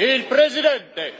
Il presidente.